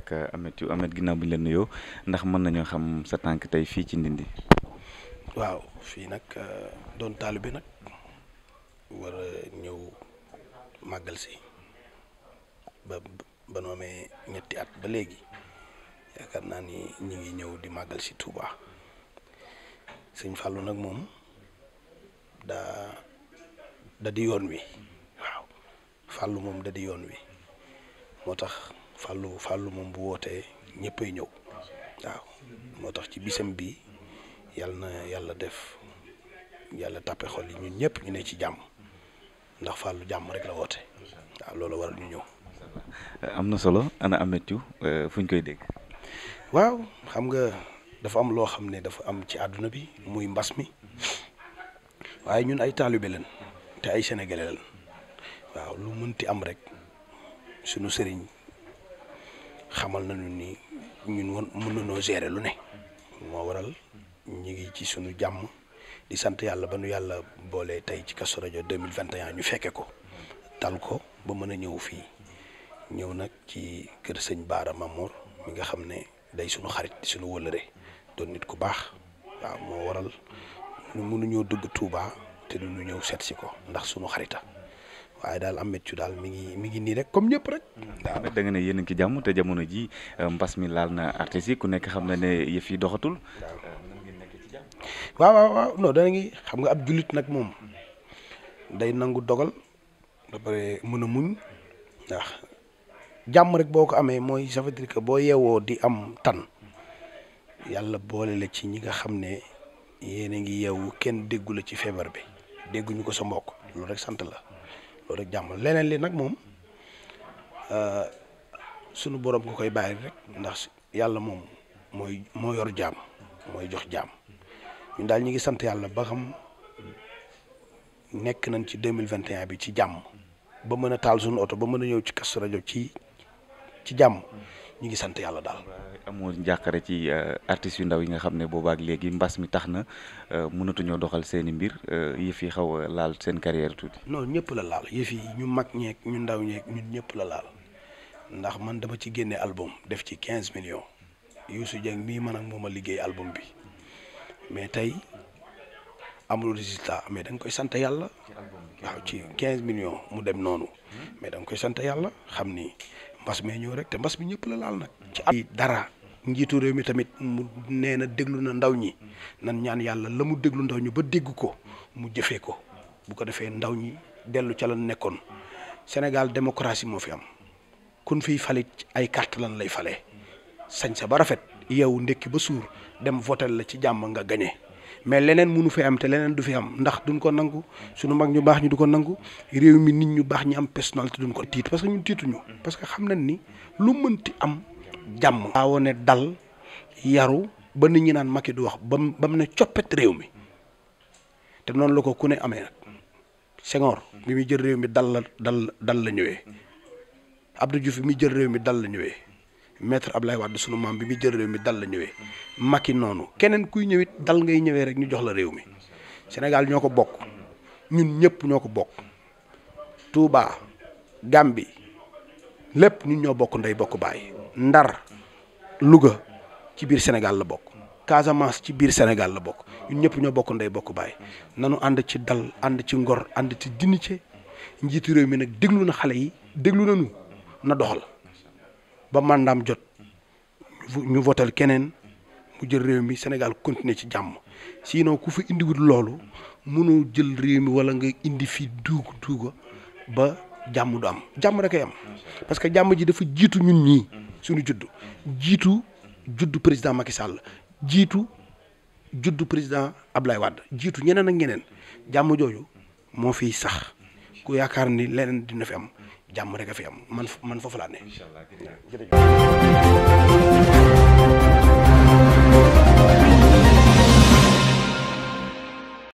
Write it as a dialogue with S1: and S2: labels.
S1: ak euh, Ameth yu Ameth ginnaaw bi ñu la nuyoo ndax mën nañoo xam sa tànk tey fii ci Ndindi.
S2: waaw fii nag euh, doon taalibe nag war a ñëw màggal si ba ba nu amee ñetti at ba léegi yaakaar naa ni ñu ngi ñëw di màggal si Touba sëñ Fallou nag moom daa da di yoon wi waaw moom da di yoon wi moo tax. fàllu fàllu moom bu wootee ñëppay ñëw waaw moo tax ci bisam bi yàlla na yàlla def yàlla tàppe xol yi ñun ñëpp ñu ne ci jàmm ndax fàllu jàmm rek la woote waaw loolu waral ñu ñëw.
S1: am na solo ana Ameth Thiou euh, fu ñu koy dégg.
S2: waaw xam nga dafa am loo xam ne dafa am ci àdduna bi muy mbas mi waaye ñun ay taalibe lañ te ay sénégalais lañ waaw lu mënti am rek sunu sëriñ. xamal nañu ni ñun woon mën nañoo gérer lu ne moo waral ñu ngi ci suñu jàmm di sant yàlla ba nu yàlla boole tey ci Kazu Rajab 2021 ñu fekke ko tal ko ba mën a ñëw fii ñëw nag ci kër sëñ Baara Mamour mi nga xam ne day suñu xarit di sunu wëlëre doon nit ku baax waaw moo waral ñu mënuñoo dugg Touba te du ñu ñëw seet si ko ndax suñu xarita waaye daal Ameth Thiou daal mi ngi mi ngi nii rek comme ñëpp rek. Mm.
S1: waaw nag da ne yéen a ngi ci jàmm te jamono ji euh, mbas mi laal na artistes ku nekk xam na ne yëf
S2: yi doxatul. waaw euh, waaw waaw non ngi xam nga ab jullit nag moom day nangu dogal ba pare mën a muñ jàmm rek boo ko amee mooy ça veut que boo yeewoo di am tan yàlla boole la ci ñi nga xam ne yéen a ngi yeewu kenn déggu la ci feebar bi dégguñu ko sa mbokk loolu rek sant la. loolu rek leneen li nag moom euh, sunu borom ko koy bàyyi rek ndax yàlla moom mooy moo yor jàmm mooy jox jàmm ñun daal ñu ngi sant yàlla ba xam nekk nañ ci deux mille vingt et un bi ci jàmm ba mën a taal suñu oto ba mën a ñëw ci Kazu Rajab ci ci jàmm. ñu ngi sant yàlla daal.
S1: amoo njàqare ci euh, artistes yu ndaw yi nga xam ne boobaak léegi mbas mi tax na euh, mënatuñoo doxal seeni i mbir euh, yëf yi xaw a laal seen carrière tuuti.
S2: non ñëpp la laal yëf yi ñu mag ñeeg ñu ndaw ñeeg ñun ñëpp la laal ndax man dama ci génne album def ci quinze millions Youssou Dieng mii man ak moom a liggéey album bi mais tey amul résultat mais da nga koy sant yàlla waaw ci 15 millions mu dem noonu mais da koy sant yàlla xam ni mbas mee ñëw rek te mbas bi ñëpp la laal nag. ci ay dara njiitu réew mi tamit mu nee na déglu na ndaw ñi nan ñaan yàlla la mu déglu ndaw ñi ba dégg ko mu jëfee ko bu ko defee ndaw ñi dellu ca la nekkoon Sénégal démocratie moo fi am kun fiy falit ay carte lan lay fale sañ sa ba rafet yow ndekki ba suur dem votel la ci jàmm nga gañe mais leneen mënu fi am te leneen du fi am ndax duñ ko nangu suñu mag ñu baax ñu du ko nangu réew mi nit ñu baax ñu am personnalité duñ ko tiit parce que ñu tiituñu parce que xam na ni lu mënti am jàmm waawoo ne dal yaru ba nit ñi naan Macky du wax ba bam ne coppet réew mi te noonu la ko ku ne amee nag Senghor bi muy jël réew mi dal la dal dal la ñëwee Abdou Diouf bi muy jël réew mi dal la ñëwee ab lay Wade sunu maam bi muy jël réew mi dal la ñëwee Macky noonu keneen kuy ñëwit dal ngay ñëwee rek ñu jox la réew mi Sénégal ñoo ko bokk ñun ñëpp ñoo ko bokk Touba Gambi lépp ñun ñoo bokk ndey bokk baay Ndar Louga ci biir Sénégal la bokk Casamance ci biir Sénégal la bokk ñun ñëpp ñoo bokk ndey bokk baay nanu ànd ci dal ànd ci ngor ànd ci dignité njiitu réew mi nag déglu na xale yi déglu nañu na doxal ba mandaam jot ñu votal keneen mu jël réew mi Sénégal continuer ci jàmm sinon ku fi indiwut loolu mënoo jël réew mi wala nga indi fi duug duuga ba jàmm du am jàmm rek am parce que jàmm ji dafa jiitu ñun ñi suñu juddu jiitu juddu président Macky Sall jiitu juddu président Ablaye Wade jiitu ñeneen ak ñeneen jàmm jooju moo fiy sax ku yaakaar ni leneen dina fi am jàmm rek a fi am man man foofu laa ne. incha allah jërëjëf